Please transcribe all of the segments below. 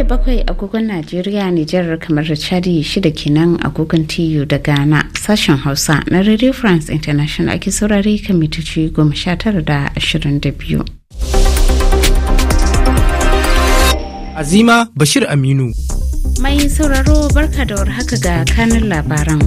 karfe bakwai agogon najeriya nijar kamar da chadi shida kenan agogon tu da ghana sashen hausa na radio france international ake saurari kan mitoci goma sha tara da ashirin azima bashir aminu Mai sauraro barka da warhaka ga kanin labaran.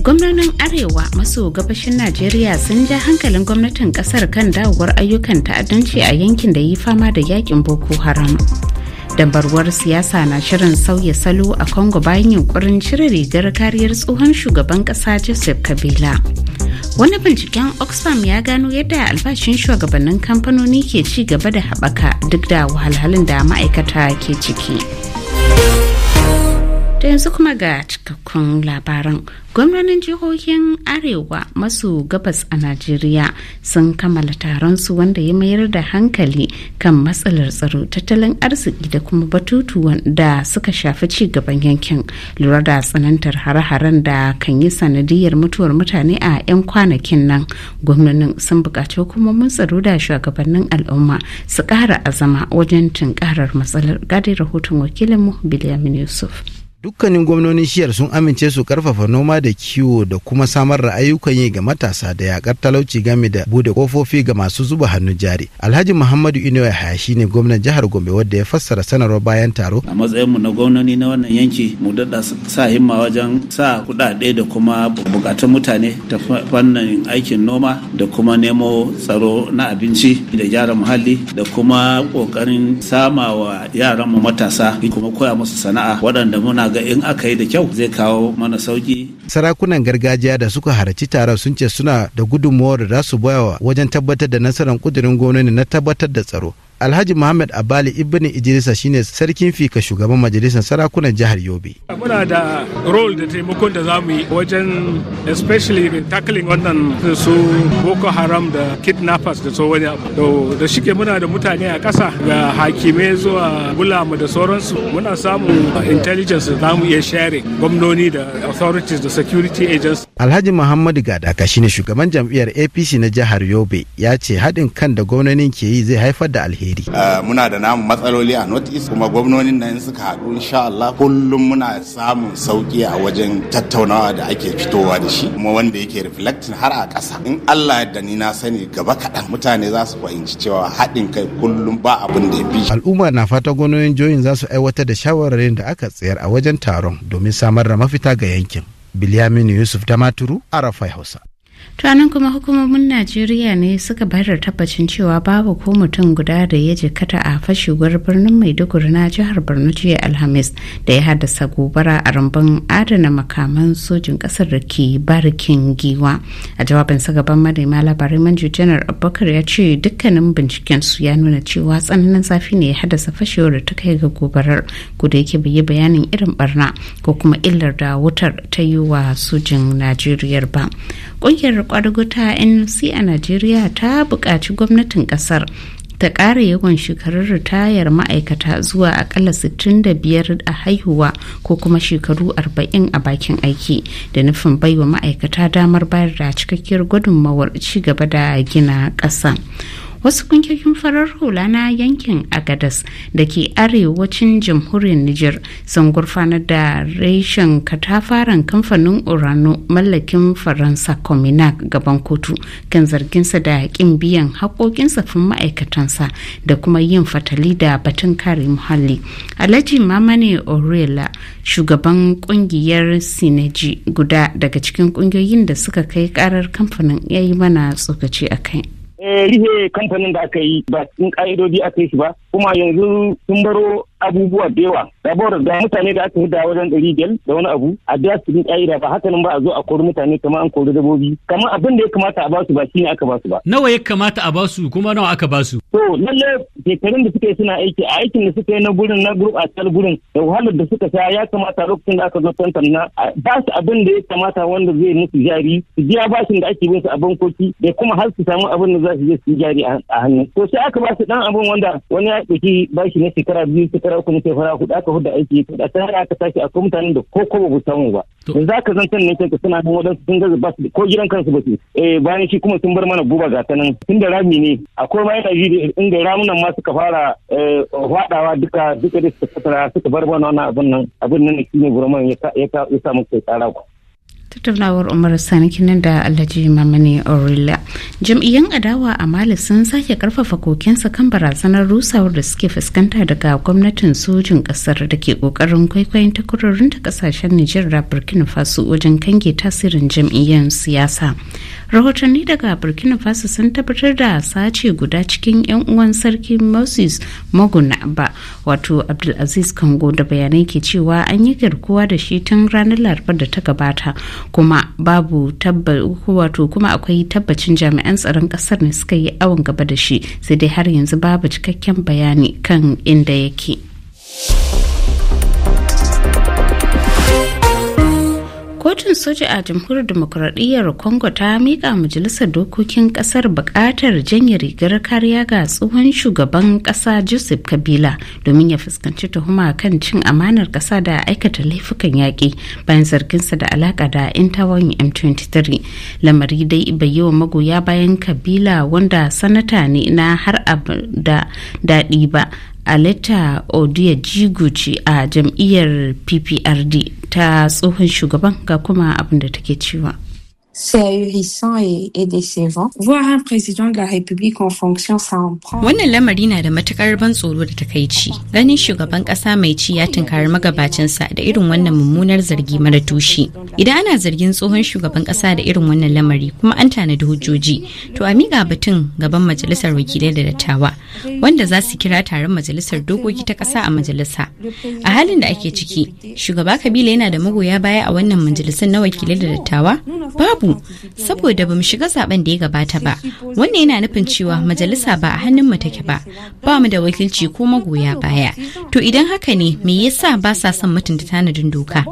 Gwamnonin Arewa maso gabashin Najeriya sun ja hankalin gwamnatin kasar kan dawowar ayyukan ta'addanci a yankin da yi fama da yakin Boko Haram. dambarwar siyasa na shirin sauya salo a congo bayan yunkurin cire rigar kariyar tsohon shugaban kasa joseph kabila wani binciken oxfam ya gano yadda albashin shugabannin kamfanoni ke ci gaba da haɓaka duk da wahalhalun da ma'aikata ke ciki To yanzu kuma ga cikakkun labaran. gwamnanin jihohin Arewa maso gabas a Najeriya sun kammala taron su wanda ya mayar da hankali kan matsalar tsaro tattalin arziki da kuma batutuwan da suka shafi ci gaban yankin. Lura da tsanantar hare-haren da kan yi sanadiyar mutuwar mutane a 'yan kwanakin nan. Gwamnonin sun buƙaci hukumomin tsaro da shugabannin al'umma su kara azama wajen tunkarar matsalar. Gadi rahoton wakilinmu Biliyamin Yusuf. dukkanin gwamnonin shiyar sun amince su karfafa noma da kiwo da kuma samar da ayyukan yi ga matasa da yakar talauci game da bude kofofi ga masu zuba hannun jari alhaji muhammadu inuwa haya ne gwamnan jihar gombe wadda ya fassara sanarwar bayan taro a matsayin mu na gwamnoni na wannan yanki mu dada sa himma wajen sa kudade da kuma bukatun mutane ta fannin aikin noma da kuma nemo tsaro na abinci da gyara muhalli da kuma kokarin sama wa yaran mu matasa kuma koya musu sana'a waɗanda muna ga in aka yi da kyau zai kawo mana sauki sarakunan gargajiya da suka harci tare sun ce suna da gudunmuwar da za su bayawa wajen tabbatar da nasarar kudirin gwamnati na tabbatar da tsaro alhaji muhammad abali ibn idrisa shine sarkin fika shugaban majalisar sarakunan jihar yobe muna da role da taimakon da zamu yi wajen especially in tackling wannan su boko haram da kidnappers da so wani abu da shike muna da mutane a kasa ga hakime zuwa bulamu da sauransu muna samun intelligence da zamu iya share gwamnoni da authorities da security agents. Alhaji Muhammadu Gadaka shine shugaban jam'iyyar APC na jihar Yobe ya ce haɗin kan da gwamnonin ke yi zai haifar da alheri. Eh, muna da namu matsaloli a North East kuma gwamnonin nan suka haɗu insha Allah kullum muna samun sauki a wajen tattaunawa da ake fitowa da shi kuma wanda yake reflecting har a ƙasa. In Allah da ni na sani gaba kaɗan mutane za su fahimci cewa haɗin kai kullum ba abin da ya fi. Al'umma na fata gwamnonin jihohin za su aiwatar da shawararin da aka tsayar a wajen taron domin samar da mafita ga yankin. Bilyamin Yusuf Damaturu, ya Hausa. tunanin kuma hukumomin najeriya ne suka bayar da tabbacin cewa babu ko mutum guda da ya jikata a fashewar birnin maiduguri na jihar borno jiya alhamis da ya haddasa gobara a rumbun adana makaman sojin kasar da ke barikin giwa a jawabin sa gaban manema labarai manju janar abubakar ya ce dukkanin binciken su ya nuna cewa tsananin zafi ne ya haddasa fashewar da ta kai ga gobarar ko da yake bai bayanin irin barna ko kuma illar da wutar ta yi wa sojin najeriya ba ƙungiyar kwadugo ta nlc a najeriya ta buƙaci gwamnatin ƙasar ta ƙara yawan shekarun ritayar ma'aikata zuwa akalla 65 a haihuwa ko kuma shekaru 40 a bakin aiki da nufin baiwa ma'aikata damar bayar da cikakkiyar gudunmawar ci gaba da gina ƙasa. wasu kungiyoyin farar hula na yankin agadas da ke arewacin jamhuriyar niger sun gurfanar da reshen katafaren kamfanin urano mallakin faransa cominac gaban kotu kan zarginsa da kin biyan haƙoƙin safin ma'aikatansa da kuma yin fatali da batun kare muhalli alhaji mamane orela shugaban kungiyar sineji guda daga cikin kungiyoyin da suka kai karar kamfanin ya yi mana tsokaci a kai Eh, rihe kamfanin da aka yi ba in ƙa'idodi aka yi shi ba kuma yanzu sun baro abubuwa da yawa saboda da mutane da aka hidda wajen ɗari biyar da wani abu a biya su bi ƙa'ida ba haka nan ba a zo a kori mutane kamar an kori dabobi kamar abin da ya kamata a basu ba shi ne aka basu ba. Nawa ya kamata a basu kuma nawa aka basu? To lalle shekarun da suka yi suna aiki a aikin da suka yi na gurin na group a cikin gurin da wahalar da suka sa ya kamata lokacin da aka zo na ba su abin da ya kamata wanda zai musu jari su biya bashin da ake bin su a bankoki da kuma har su samu abin da za su je su jari a hannu. To sai aka basu su ɗan abin wanda wani ya ɗauki bashi na shekara biyu tara uku muke fara hudu aka hudu aiki da sai aka sake akwai mutanen da ko ko ba samu ba yanzu aka zancan ne kanka suna nan wadansu sun gaza ba ko gidan kansu ba su eh bayan shi kuma sun bar mana guba ga nan tun da rami ne akwai ma yana in inda ramunan ma suka fara eh, fadawa duka duka da suka suka bar mana wannan abin nan abin nan shine gurman ya ya samu kai tsara ku tattaunawar umar sanikinan da alhaji mamani orila jam'iyyan adawa a mali sun sake karfafa kokensa kan barazanar rusawar da suke fuskanta daga gwamnatin sojin kasar da ke kokarin kwaikwayon takwarorin ta kasashen nijar da burkina faso wajen kange tasirin jam'iyyan siyasa rahotanni daga burkina faso sun tabbatar da sace guda cikin 'yan uwan sarki moses ba wato abdulaziz kango da bayanai ke cewa an yi garkuwa da shi tun ranar larabar da ta gabata kuma babu wato kuma akwai tabbacin jami'an tsaron kasar ne suka yi awon gaba da shi sai dai har yanzu babu cikakken bayani kan inda yake. kotun soja a jamhuriyar demokuraɗiyyar congo ta miƙa majalisar dokokin ƙasar buƙatar janye rigar kariya ga tsohon shugaban ƙasa joseph kabila domin ya fuskanci tuhuma kan cin amanar ƙasa da aikata laifukan yaƙi bayan zarginsa da alaƙa da intawan m23 lamari dai bai yi wa magoya bayan kabila wanda sanata ne na har da daɗi ba aleta odiya jiguci a jam'iyyar pprd ta tsohon shugaban ga kuma abin da take cewa c'est ahurissant et, et décevant. Voir un président de la République en fonction, Wannan lamari na da matukar ban tsoro da takaici. Ganin shugaban kasa mai ci ya tunkari magabacinsa da irin wannan mummunar zargi mara tushe. Idan ana zargin tsohon shugaban kasa da irin wannan lamari kuma an tanadi hujjoji, to a miƙa batun gaban majalisar wakilai da dattawa, wanda za su kira taron majalisar dokoki ta kasa a majalisa. A halin da ake ciki, shugaba Kabila yana da magoya baya a wannan majalisar na wakilai da dattawa? Babu uku saboda bamu shiga zaben da ya gabata ba wannan yana nufin cewa majalisa ba a hannun mu take ba ba mu da wakilci ko magoya baya to idan haka ne me yasa ba sa son mutunta tanadin doka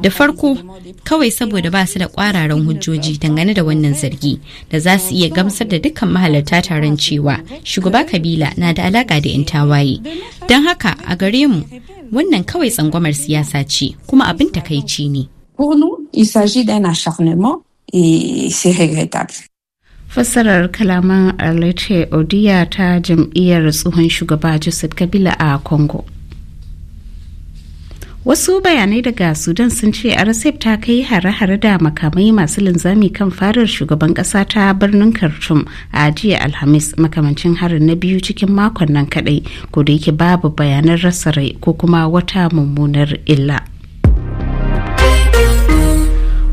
da farko kawai saboda ba su da kwararan hujjoji dangane da wannan zargi da za su iya gamsar da dukkan mahalarta taron cewa shugaba kabila na da alaka da 'yan tawaye don haka a gare mu wannan kawai tsangwamar siyasa ce kuma abin takaici ne. Pour nous, il s'agit d'un acharnement E fassarar kalaman arlete odiya ta jam'iyyar tsohon shugaba joseph kabila a congo wasu bayanai daga sudan sun ce arasef ta kai hare-hare da makamai masu linzami kan farar shugaban kasa ta birnin khartoum a jiya alhamis makamancin harin na biyu cikin makon nan kadai ko da yake babu bayanan rasa rai ko kuma wata mummunar illa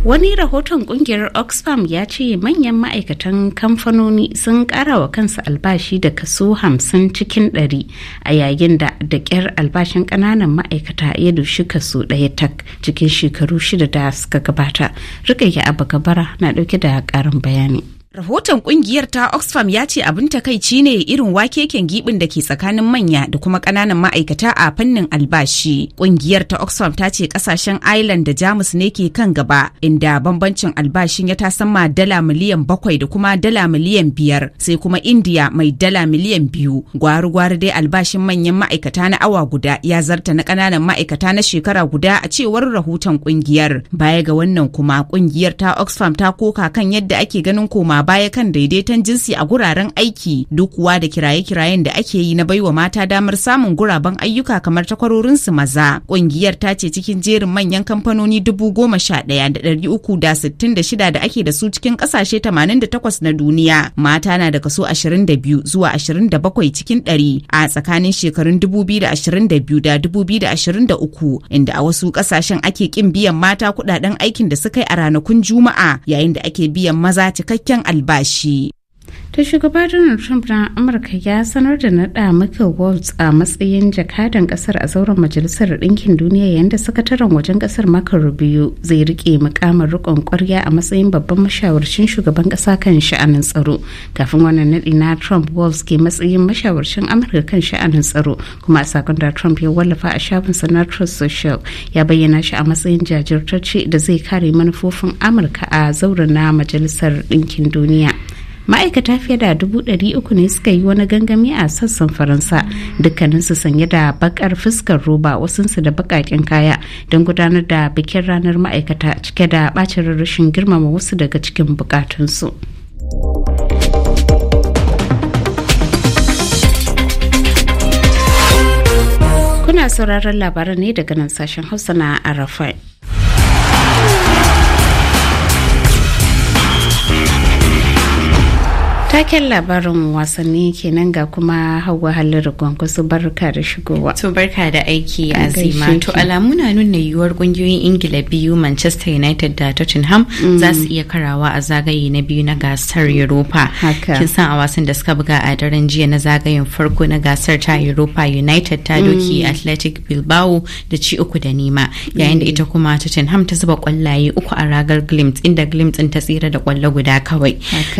wani rahoton kungiyar oxfam ya ce manyan ma'aikatan kamfanoni sun kara wa kansu albashi da kaso 50 cikin 100 a yayin da da kyar albashin ƙananan ma'aikata ya dushi kaso ɗaya tak cikin shekaru shida da suka gabata ya abu gabara na ɗauke da ƙarin bayani Rahoton kungiyar ta Oxfam ya ce abin takaici ne irin wakeken gibin da ke tsakanin manya da kuma kananan ma'aikata a fannin albashi. Kungiyar ta Oxfam ta ce kasashen Ireland da Jamus ne ke kan gaba inda bambancin albashin ya tasamma dala miliyan bakwai da kuma dala miliyan biyar sai kuma India mai dala miliyan biyu. Gwari-gwari dai albashin manyan ma'aikata na awa guda ya zarta na kananan ma'aikata na shekara guda a cewar rahoton kungiyar. Baya ga wannan kuma kungiyar ta Oxfam ta koka kan yadda ake ganin koma baya kan daidaiton jinsi a guraren aiki duk kuwa da kiraye-kirayen da ake yi na baiwa mata damar samun guraben ayyuka kamar takwarorinsu maza. Ƙungiyar ta ce cikin jerin manyan kamfanoni dubu goma sha ɗaya da dari uku da sittin da shida da ake da su cikin ƙasashe tamanin da takwas na duniya. Mata na da kaso ashirin da biyu zuwa ashirin da bakwai cikin ɗari a tsakanin shekarun dubu biyu da ashirin da biyu da dubu biyu da ashirin da uku inda a wasu ƙasashen ake ƙin biyan mata kuɗaɗen aikin da suka yi a ranakun Juma'a yayin da ake biyan maza cikakken albashi ta shugaba donald trump na amurka ya sanar da naɗa maka waltz a matsayin jakadan kasar a zauren majalisar ɗinkin duniya yayin da sakataren wajen kasar maka rubiyu zai rike mukamar rikon kwarya a matsayin babban mashawarcin shugaban ƙasa kan sha'anin tsaro kafin wannan naɗi na trump waltz ke matsayin mashawarcin amurka kan sha'anin tsaro kuma a sakon da trump ya wallafa a shafin sanatar social ya bayyana shi a matsayin jajirtacce da zai kare manufofin amurka a zauren na majalisar ɗinkin duniya. ma'aikata fiye da dubu ɗari uku ne suka yi wani gangami a sassan faransa dukkaninsu sanye da bakar fuskar roba wasunsu da bakakin kaya don gudanar da bikin ranar ma'aikata cike da bacin rashin girmama wasu daga cikin bukatunsu. kuna sauraron labaran ne daga nan sashen hausa na arafai Taken labarin wasanni kenan ga kuma hawa halin su barka da shigowa. To barka da aiki azima. To alamu na nuna yiwuwar kungiyoyin Ingila biyu Manchester United da Tottenham mm. za su iya karawa a zagaye na biyu na gasar Europa. Kin san a wasan da suka buga a daren jiya na zagayen farko na gasar ta Europa United ta mm. doki Athletic Bilbao da ci uku da nima. Yayin da mm. ita kuma Tottenham ta zuba kwallaye uku a ragar Glimt inda Glimt ta tsira da kwallo guda kawai.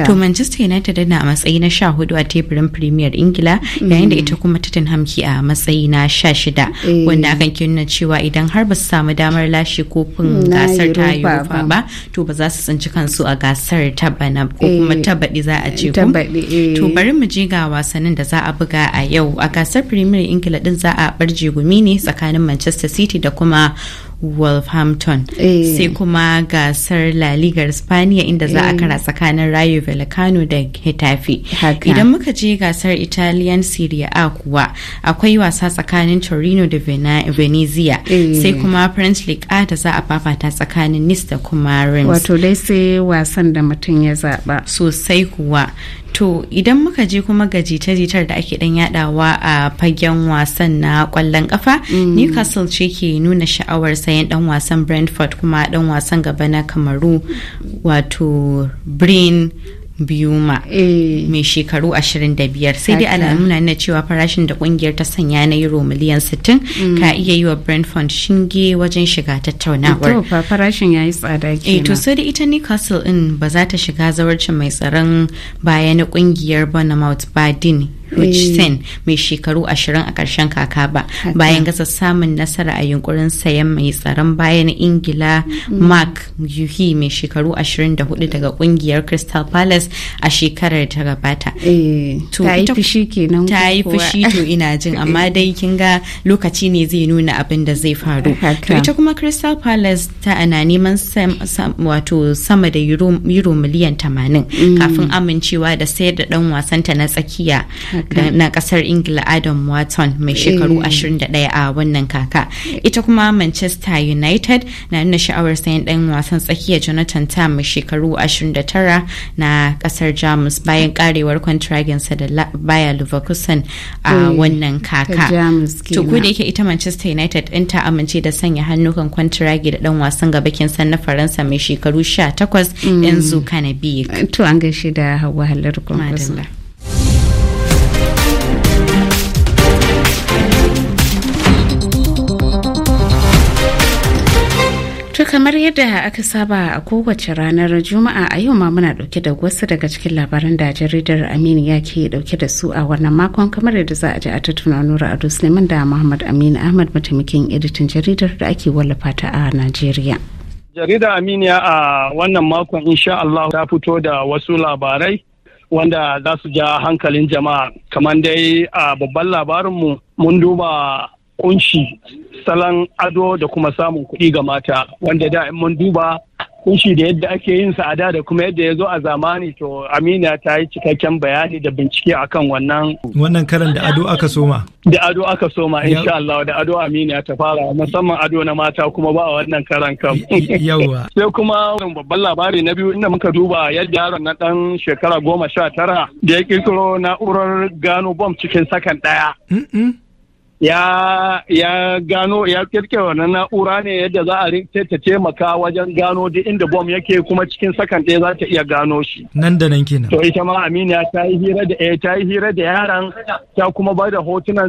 To Manchester United Brighton a matsayi na sha hudu a teburin Premier Ingila mm-hmm. yayin da ita kuma Tottenham ke a matsayi na sha shida eh. wanda akan ke nuna cewa idan har ba su samu damar lashe kofin gasar ta Europa ba to ba za su tsinci kansu a gasar ta bana ko kuma eh. ta za a ce eh. to bari mu je ga wasannin da za a buga a yau a gasar Premier Ingila din za a barje gumi ne tsakanin Manchester City da kuma Wolverhampton. Eh. Sai kuma gasar La Liga Spaniya inda za a eh. kara tsakanin Rayo Vallecano da Getafe. Idan muka je gasar Italian Serie A kuwa akwai wasa tsakanin Torino da Venezia. Eh. Sai kuma French League A da za a fafata tsakanin Nice da kuma Reims. Wato dai sai wasan da mutum ya zaba Sosai kuwa. to idan muka je kuma ga jita-jitar da ake dan yadawa a fagen wasan na kwallon kafa mm. newcastle ce ke nuna sha'awar sayan dan wasan brentford kuma dan wasan gaba na kamaru wato brain biyuma eh. mai shekaru 25 sai dai alamu na cewa farashin da kungiyar ta sanya na euro miliyan 60 mm. ka iya yi wa brentford shinge wajen shiga tattaunawar to farashin yayi tsada eh, kenan to sai da ita newcastle in ba za ta shiga zawarci mai tsaron baya na kungiyar ba din. Richardson eh. mai shekaru ashirin a ƙarshen kaka ba bayan gasa samun nasara a yunkurin sayan mai tsaron bayan Ingila Mark Yuhi mai shekaru 24 daga kungiyar Crystal Palace a shekarar ta gabata. Eh, ta yi fushi kenan Ta yi fushi to ina jin amma dai kin ga lokaci ne zai nuna abin da zai faru. To ita kuma Crystal Palace ta ana neman wato sama da euro miliyan tamanin mm. kafin amincewa da sayar da dan wasanta na tsakiya na kasar ingila adam watson mai shekaru 21 mm. a wannan kaka ita kuma manchester united na nuna sha'awar sayan dan wasan tsakiya jonathan tam mai shekaru 29 na kasar jamus bayan karewar sa da baya leverkusen a eh, wannan kaka to ko da yake ita manchester united in ta amince da sanya hannu kan kwantiragi da dan wasan gaba san na faransa mai shekaru 18 yanzu biyu to an gaishe da hawa halar kuma kamar yadda aka saba a kowace ranar juma'a a yau ma muna dauke da wasu daga cikin labaran da jaridar aminu ya ke dauke da su a wannan makon kamar yadda za a ji a tattuna nura ado suleiman da muhammad amin ahmad mataimakin editan jaridar da ake wallafa ta a najeriya jaridar aminiya a wannan makon insha allah ta fito da wasu labarai wanda za su ja hankalin jama'a kamar dai a babban labarinmu mun duba kunshi salon ado da kuma samun kuɗi ga mata wanda da mun duba kunshi da yadda ake yin sa'ada da kuma yadda ya zo a zamani to amina ta yi cikakken bayani da bincike akan wannan wannan karan da ado aka soma da ado aka soma insha Allah da ado amina ta fara musamman ado na mata kuma ba a wannan karan kam yawa sai kuma babban labari na biyu inda muka duba yadda yaron na dan shekara goma sha tara da ya kirkiro na'urar gano bom cikin sakan daya ya ya gano ya kirke wannan na'ura ne yadda za a ta taimaka wajen gano duk inda bom yake kuma cikin sakan ɗaya za ta iya gano shi nan da nan kenan to ita ma aminiya ta yi hira da eh ta yi hira da yaran ta kuma ba da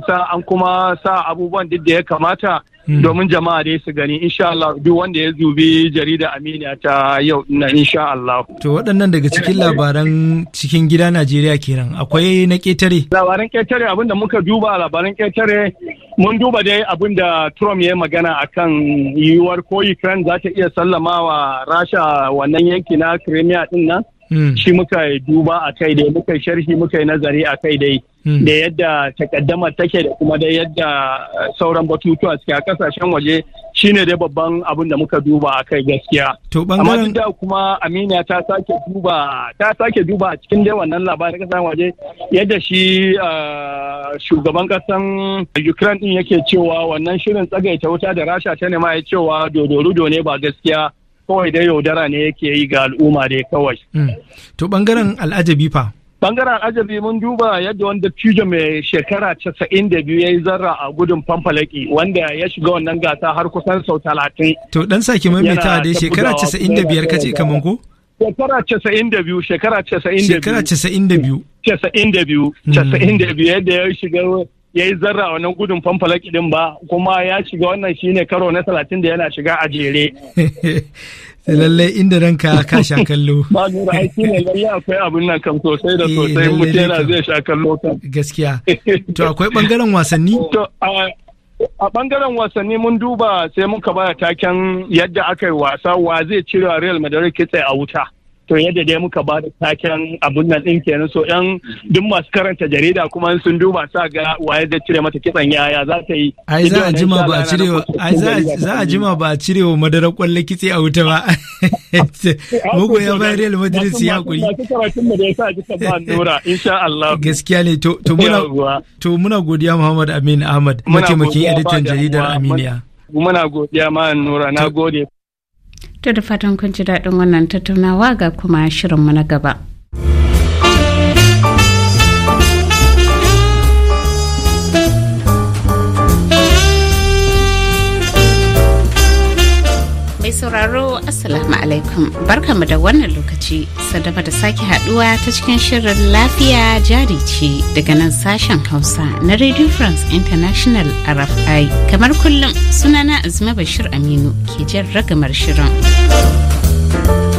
sa an kuma sa abubuwan duk da ya kamata Hmm. domin jama'a dai su gani insha Allah duk wanda ya zubi jarida Aminiya ta yau na insha Allah. To waɗannan daga cikin labaran cikin gida Najeriya kenan akwai na ƙetare. Labaran ƙetare abinda muka duba labaran ƙetare mun duba dai abinda Trump ya magana akan yiwuwar ko Ukraine za ta iya sallamawa Rasha wannan yanki na Crimea din nan. Hmm. Shi muka duba a kai dai muka sharhi muka yi nazari a kai dai. Hmm. da yadda takaddama take da kuma da yadda eh, sauran batutuwa suke a kasashen waje shine dai babban abin da muka duba a kai gaskiya. Amma duk da kuma Amina ta sake duba ta sake duba a cikin dai wannan labarin kasashen waje yadda shi eh, shugaban kasan Ukraine din yake cewa wannan shirin tsagaita wuta da Rasha ta nema ya cewa dodorudo ne ba gaskiya kawai dai yaudara ne yake yi ga al'umma dai kawai. Hmm. To bangaren al'ajabi fa. Bangaren ajabi mun duba yadda wanda cijo mai shekara 92 da biyu ya yi zarra a gudun famfalaki wanda ya shiga wannan gasa har kusan sau talatin. To dan sake maimaita dai shekara 95 da biyar kace kaman ko? Shekara 92 da biyu shekara 92 da biyu. Shekara 92 da biyu. da biyu hmm. da biyu yadda ya shiga ya yi zarra a wannan gudun famfalaki din ba kuma ya shiga wannan shine karo na talatin da yana shiga a jere. lallai inda ranka ka sha kallo ba gura aiki ne lallai akwai abin nan kam sosai da eh, sosai mutum yana zai sha kallo kan. gaskiya to akwai bangaren wasanni a bangaren wasanni mun duba sai muka baya taken yadda aka yi wasa wa zai cire real madrid kitse a wuta to yadda dai muka ba da taken abun nan din kenan so yan duk masu karanta jarida kuma sun duba sa ga waye zai cire mata kitsan yaya za ta yi ai za a jima ba a cire ai za a jima ba a cire wa madara kwalle kitse a wuta ba eh, mugo ya bayar Real Madrid su ya kuri gaskiya ne to muna to muna godiya Muhammad Amin Ahmad mataimakin editan jaridar Aminiya muna godiya ma Nura na gode To da fatan kun ji daɗin wannan tattaunawa ga kuma shirinmu na gaba. mai sauraro alaikum barkamu da wannan lokaci sadama da sake haduwa ta cikin shirin lafiya jari ce daga nan sashen hausa na radio france international rfi kamar kullum sunana azuma bashir aminu ke jan ragamar shirin.